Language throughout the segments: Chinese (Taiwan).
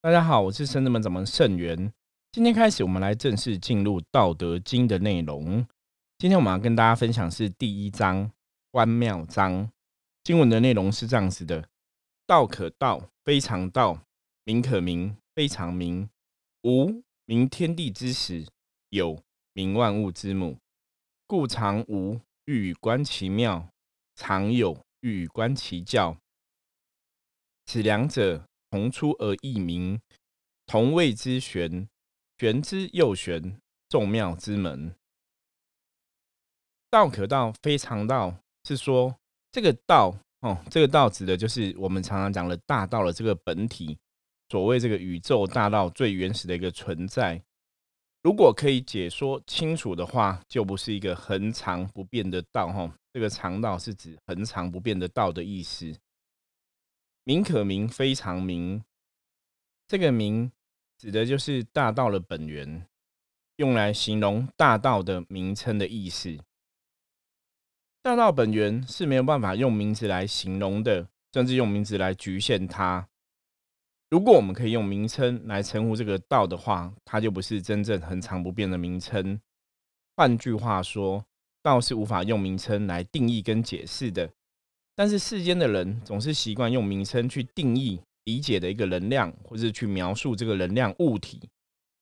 大家好，我是聖真門掌門聖元。今天開始，我們來正式進入《道德經》的內容。今天我們要跟大家分享是第一章“觀玅章”。經文的內容是這樣子的：“道可道，非常道；名可名，非常名。無，名天地之始；有，名萬物之母。故常無，欲以觀其妙；常有，欲以觀其徼。此兩者，”同出而異名，同謂之玄，玄之又玄，眾妙之門。道可道，非常道。是說這個道哦，這個道指的就是我們常常講的大道的這個本體，所謂這個宇宙大道最原始的一個存在。如果可以解說清楚的話，就不是一個恆常不變的道哈、哦。這個常道是指恆常不變的道的意思。名可名，非常名。這個名指的就是大道的本源，用來形容大道的名稱的意思。大道本源是沒有辦法用名字來形容的，甚至用名字來局限它。如果我們可以用名稱來稱呼這個道的話，它就不是真正恆常不變的名稱。換句話說，道是無法用名稱來定義跟解釋的。但是世間的人總是習慣用名稱去定義、理解的一個能量，或是去描述這個能量物體，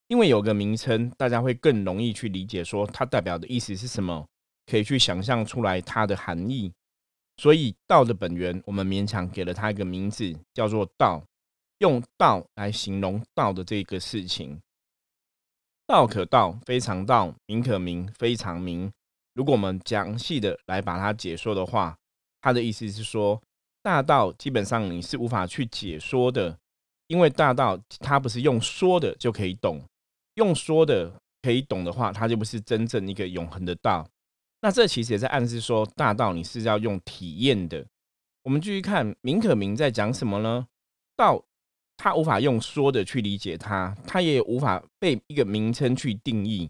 因為有個名稱，大家會更容易去理解，說它代表的意思是什麼，可以去想象出來它的含義。所以道的本源，我們勉強給了它一個名字，叫做道，用道來形容道的這個事情。道可道，非常道；名可名，非常名。如果我們詳細的來把它解說的話，他的意思是說，大道基本上你是無法去解說的，因為大道它不是用說的就可以懂，用說的可以懂的話，它就不是真正一個永恆的道。那這其實也在暗示說，大道你是要用體驗的。我們繼續看，名可名在講什麼呢？道他無法用說的去理解它，他也無法被一個名稱去定義，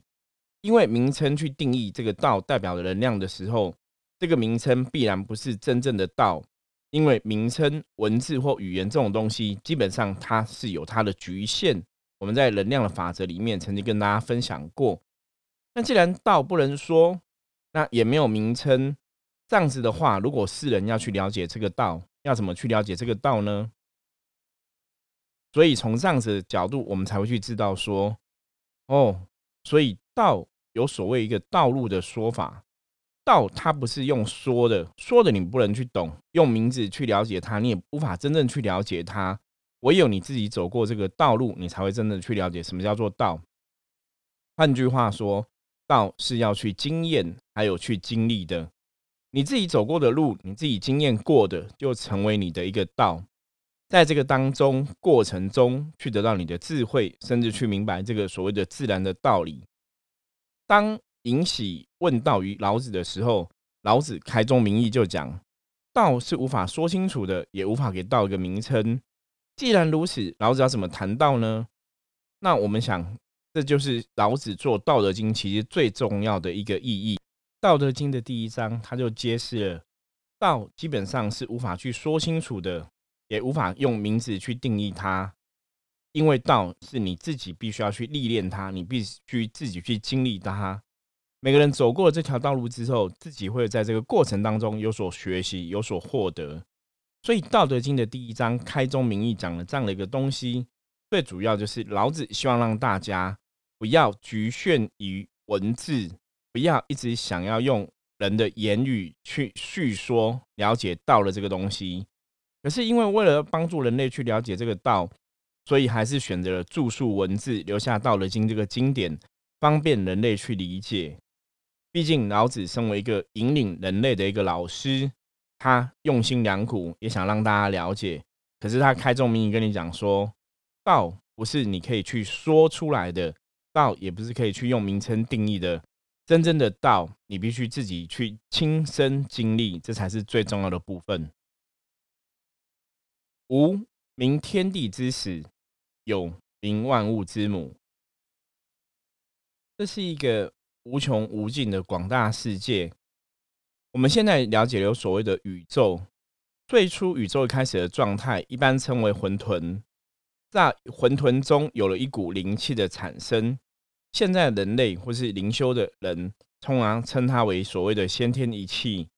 因為名稱去定義這個道代表的能量的時候。這個名稱必然不是真正的道，因為名稱、文字或語言這種東西，基本上它是有它的局限。我們在能量的法則裡面曾經跟大家分享過。那既然道不能說，那也沒有名稱，這樣子的話，如果世人要去了解這個道，要怎麼去了解這個道呢？所以從這樣子的角度，我們才會去知道說，哦，所以道有所謂一個道路的說法。道，它不是用說的，說的你不能去懂，用名字去了解它，你也無法真正去了解它。唯有你自己走過這個道路，你才會真正去了解什麼叫做道。換句話說，道是要去經驗，還有去經歷的。你自己走過的路，你自己經驗過的，就成為你的一個道。在這個當中，過程中，去得到你的智慧，甚至去明白這個所謂的自然的道理。當。尹喜問道於老子的時候，老子開宗明義就講：“道是無法說清楚的，也無法給道一個名稱。既然如此，老子要怎麼談道呢？那我們想，這就是老子做《道德經》其實最重要的一個意義。《道德經》的第一章，他就揭示了道基本上是無法去說清楚的，也無法用名字去定義它，因為道是你自己必須要去歷練它，你必須自己去經歷它。”每個人走過了這條道路之後，自己會在這個過程當中有所學習，有所獲得。所以，《道德經》的第一章開宗明義講了這樣的一個東西，最主要就是老子希望讓大家不要局限於文字，不要一直想要用人的言語去敘說了解道的這個東西。可是，因為為了幫助人類去了解這個道，所以還是選擇了著述文字，留下《道德經》這個經典，方便人類去理解。畢竟老子身為一個引領人類的一個老師，他用心良苦，也想讓大家了解。可是他開宗明義跟你講說，道不是你可以去說出來的，道也不是可以去用名稱定義的。真正的道，你必須自己去親身經歷，這才是最重要的部分。無名天地之始，有名萬物之母。這是一個。無窮無盡的廣大世界，我們現在了解有所謂的宇宙。最初宇宙開始的狀態，一般稱為混沌。在混沌中有了一股靈炁的產生，現在的人類或是靈修的人，通常稱它為所謂的先天一炁。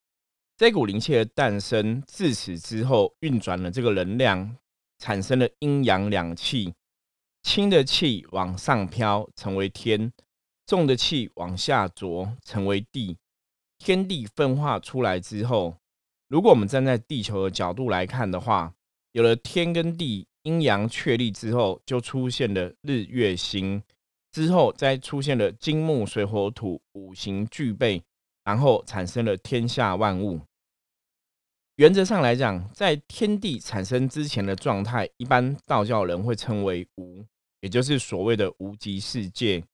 這股靈炁的誕生，自此之後運轉了這個能量，產生了陰陽兩氣。輕的氣往上飄，成為天。重的氣往下濁，成為地。天地分化出來之後，如果我們站在地球的角度來看的話，有了天跟地，陰陽確立之後，就出現了日月星。之後，再出現了金木水火土五行俱備，然後產生了天下萬物。原則上來講，在天地產生之前的狀態，一般道教人會稱為無，也就是所謂的無極世界。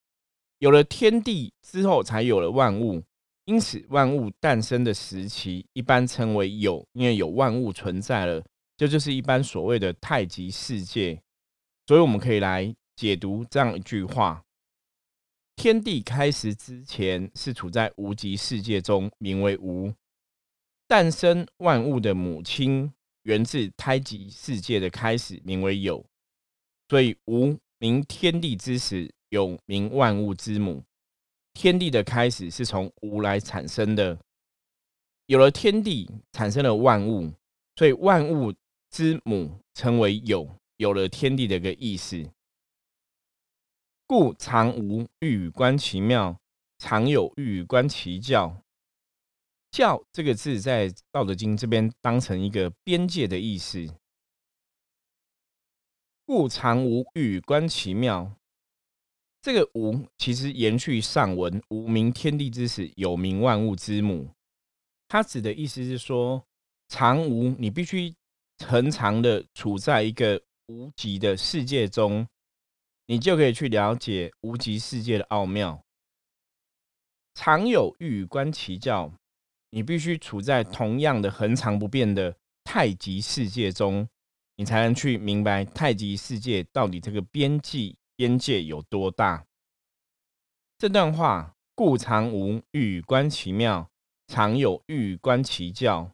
有了天地之後，才有了萬物。因此，萬物誕生的時期一般稱為有，因為有萬物存在了。這就是一般所謂的太極世界。所以，我們可以來解讀這樣一句話：天地開始之前，是處在無極世界中，名為無；誕生萬物的母親，源自太極世界的開始，名為有。所以，無。名天地之始，有名萬物之母。天地的開始是從無來產生的，有了天地，產生了萬物，所以萬物之母成為有。有了天地的一個意思，故常無欲以觀其妙，常有欲以觀其徼。徼這個字在《道德經》這邊當成一個邊界的意思。故常無，欲以觀其妙。這個“無”其實延續上文，“無名天地之始，有名萬物之母”。它指的意思是說，常無你必須恆常的處在一個無極的世界中，你就可以去了解無極世界的奧妙。常有，欲以觀其徼。你必須處在同樣的恆常不變的太極世界中。你才能去明白太極世界到底這個邊際邊界有多大。這段話“故常無，欲以觀其妙；常有，欲以觀其徼。”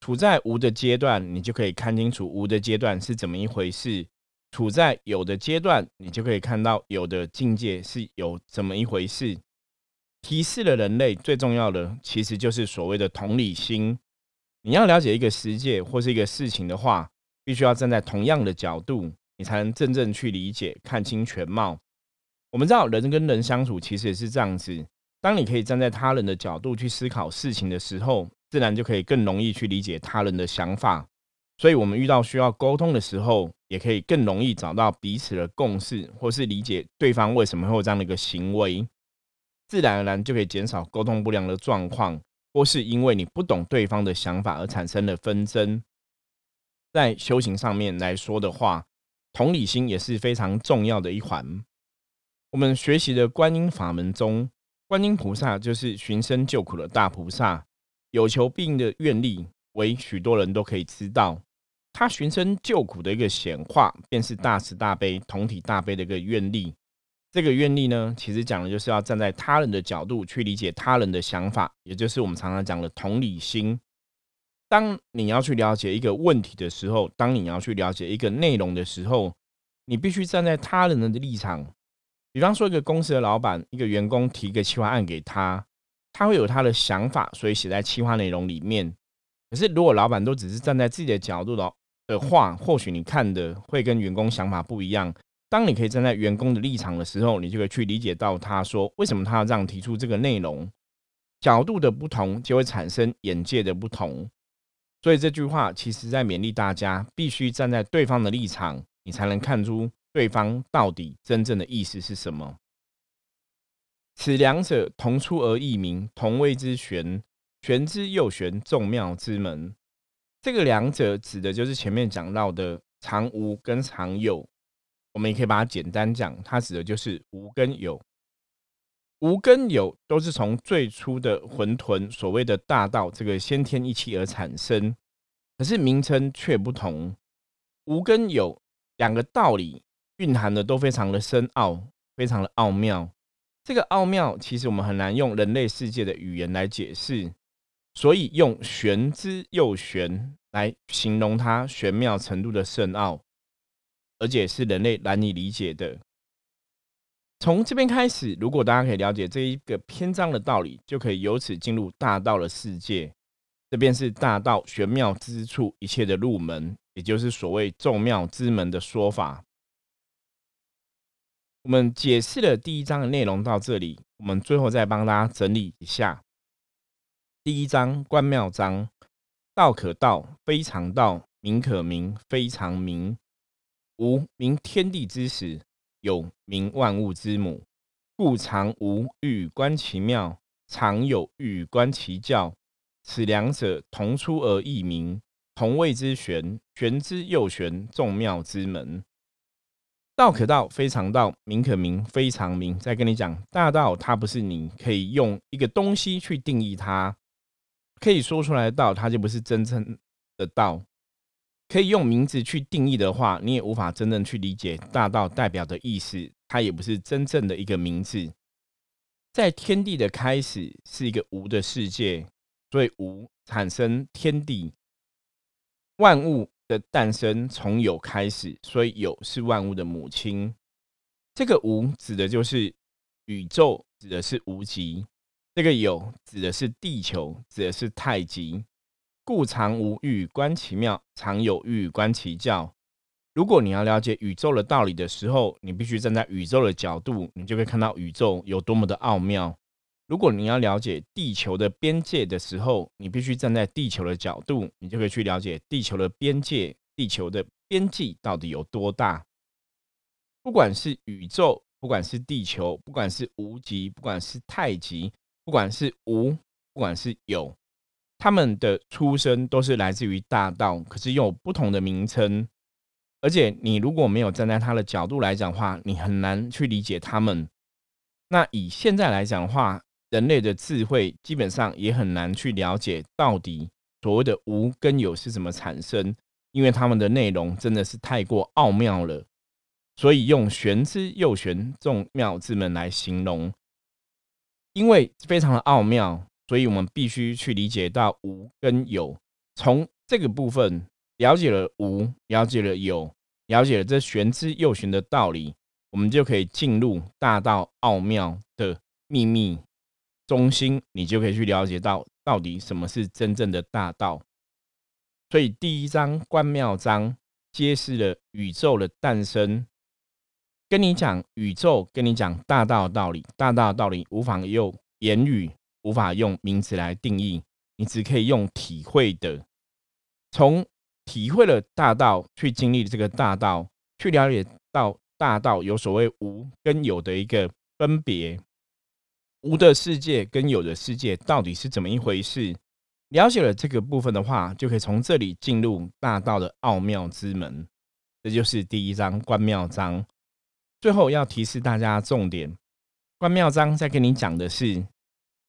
處在無的階段，你就可以看清楚無的階段是怎麼一回事；處在有的階段，你就可以看到有的境界是有怎麼一回事。提示了人類最重要的，其實就是所謂的同理心。你要了解一個世界或是一個事情的話，必須要站在同樣的角度，你才能真正去理解、看清全貌。我們知道，人跟人相處其實也是這樣子。當你可以站在他人的角度去思考事情的時候，自然就可以更容易去理解他人的想法。所以，我們遇到需要溝通的時候，也可以更容易找到彼此的共識，或是理解對方為什麼會有這樣的一個行為。自然而然就可以減少溝通不良的狀況，或是因為你不懂對方的想法而產生的紛爭。在修行上面來說的話，同理心也是非常重要的一環。我們學習的觀音法門中，觀音菩薩就是尋聲救苦的大菩薩，有求必應的願力，為許多人都可以知道。他尋聲救苦的一個顯化，便是大慈大悲、同體大悲的一個願力。這個願力呢，其實講的就是要站在他人的角度去理解他人的想法，也就是我們常常講的同理心。當你要去了解一個問題的時候，當你要去了解一個內容的時候，你必須站在他人的立場。比方說，一個公司的老闆，一個員工提一個企劃案給他，他會有他的想法，所以寫在企劃內容裡面。可是，如果老闆都只是站在自己的角度的的話，或許你看的會跟員工想法不一樣。當你可以站在員工的立場的時候，你就可以去理解到他說為什麼他要這樣提出這個內容。角度的不同，就會產生眼界的不同。所以這句話其實在勉勵大家，必須站在對方的立場，你才能看出對方到底真正的意思是什麼？此兩者同出而異名，同謂之玄，玄之又玄，眾妙之門。這個“兩者”指的就是前面講到的“常無”跟“常有”，我們也可以把它簡單講，它指的就是“無”跟“有”。無跟有都是從最初的混沌，所謂的大道這個先天一氣而產生，可是名稱卻不同。無跟有兩個道理蘊含的都非常的深奧，非常的奧妙。這個奧妙其實我們很難用人類世界的語言來解釋，所以用玄之又玄來形容它玄妙程度的深奧，而且是人類難以理解的。從這邊開始，如果大家可以了解這一個篇章的道理，就可以由此進入大道的世界。這便是大道玄妙之處，一切的入門，也就是所謂眾妙之門的說法。我們解釋了第一章的內容到這裡，我們最後再幫大家整理一下。第一章《觀妙章》，道可道，非常道；名可名，非常名。無，名天地之始。有名萬物之母，故常無欲，觀其妙；常有欲，觀其徼。此兩者，同出而異名，同謂之玄。玄之又玄，眾妙之門。道可道，非常道；名可名，非常名。再跟你講，大道它不是你可以用一個東西去定義它，可以說出來的道，它就不是真正的道。可以用名字去定義的話，你也無法真正去理解大道代表的意思。它也不是真正的一個名字。在天地的開始是一個無的世界，所以無產生天地。萬物的誕生從有開始，所以有是萬物的母親。這個無指的就是宇宙，指的是無極；這個有指的是地球，指的是太極。故常無欲，觀其妙；常有欲，觀其徼。如果你要了解宇宙的道理的時候，你必須站在宇宙的角度，你就可以看到宇宙有多麼的奧妙。如果你要了解地球的邊界的時候，你必須站在地球的角度，你就可以去了解地球的邊界，地球的邊際到底有多大。不管是宇宙，不管是地球，不管是無極，不管是太極，不管是無，不管是有。他們的出生都是來自於大道，可是又有不同的名稱。而且，你如果沒有站在他的角度來講的話，你很難去理解他們。那以現在來講的話，人類的智慧基本上也很難去了解，到底所謂的無跟有是怎麼產生，因為他們的內容真的是太過奧妙了。所以用“玄之又玄”眾妙之門來形容，因為非常的奧妙。所以我們必須去理解到無跟有，從這個部分了解了無，了解了有，了解了這玄之又玄的道理，我們就可以進入大道奧妙的秘密中心，你就可以去了解到到底什麼是真正的大道。所以第一章觀妙章揭示了宇宙的誕生，跟你講宇宙，跟你講大道道理，大道道理無妨用言語。無法用名詞來定義，你只可以用體會的，從體會了大道，去經歷這個大道，去了解到大道有所謂無跟有的一個分別，無的世界跟有的世界到底是怎麼一回事？了解了這個部分的話，就可以從這裡進入大道的奧妙之門。這就是第一章觀玅章。最後要提示大家重點，觀玅章在跟你講的是。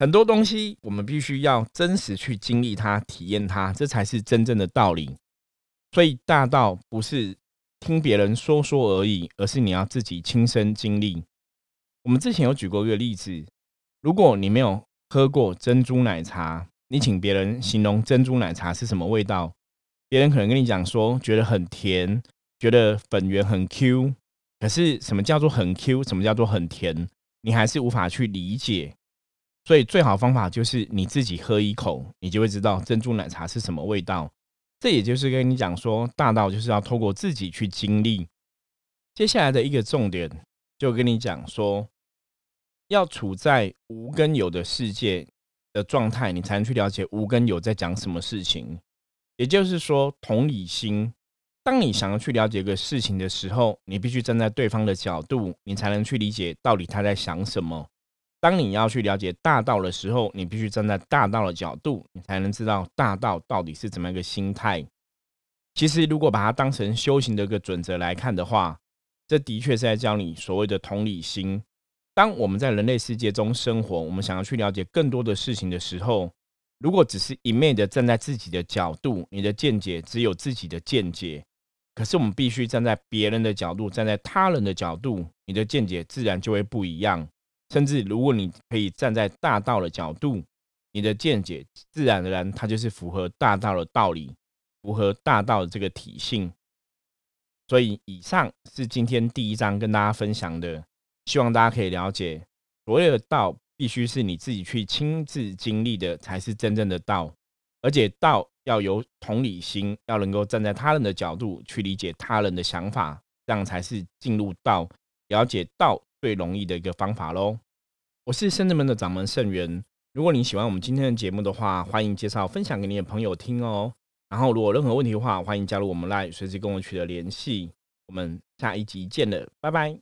很多東西我們必須要真實去經歷它、體驗它，這才是真正的道理。所以大道不是聽別人說說而已，而是你要自己親身經歷。我們之前有舉過一個例子：如果你沒有喝過珍珠奶茶，你請別人形容珍珠奶茶是什麼味道，別人可能跟你講說覺得很甜，覺得粉圓很 Q。可是，什麼叫做很 Q？什麼叫做很甜？你還是無法去理解。所以最好方法就是你自己喝一口，你就會知道珍珠奶茶是什麼味道。這也就是跟你講說，大道就是要透過自己去經歷。接下來的一個重點，就跟你講說，要處在無跟有的世界的狀態，你才能去了解無跟有在講什麼事情。也就是說，同理心，當你想要去了解一個事情的時候，你必須站在對方的角度，你才能去理解到底他在想什麼。當你要去了解大道的時候，你必須站在大道的角度，你才能知道大道到底是怎麼一個心態。其實，如果把它當成修行的一個準則來看的話，這的確是在教你所謂的同理心。當我們在人類世界中生活，我們想要去了解更多的事情的時候，如果只是一昧的站在自己的角度，你的見解只有自己的見解。可是，我們必須站在別人的角度，站在他人的角度，你的見解自然就會不一樣。甚至，如果你可以站在大道的角度，你的見解自然而然，它，就是符合大道的道理，符合大道的這個體性。所以，以上是今天第一章跟大家分享的，希望大家可以了解，所有的道必須是你自己去親自經歷的，才是真正的道，而且道要有同理心，要能夠站在他人的角度去理解他人的想法，這樣才是進入道，了解道。最容易的一個方法嘍。我是聖真門的掌門聖元。如果你喜歡我們今天的節目的話，歡迎介紹分享給你的朋友聽哦。然後，如果任何問題的話，歡迎加入我們 LINE，隨時跟我取得聯繫。我們下一集見了，拜拜。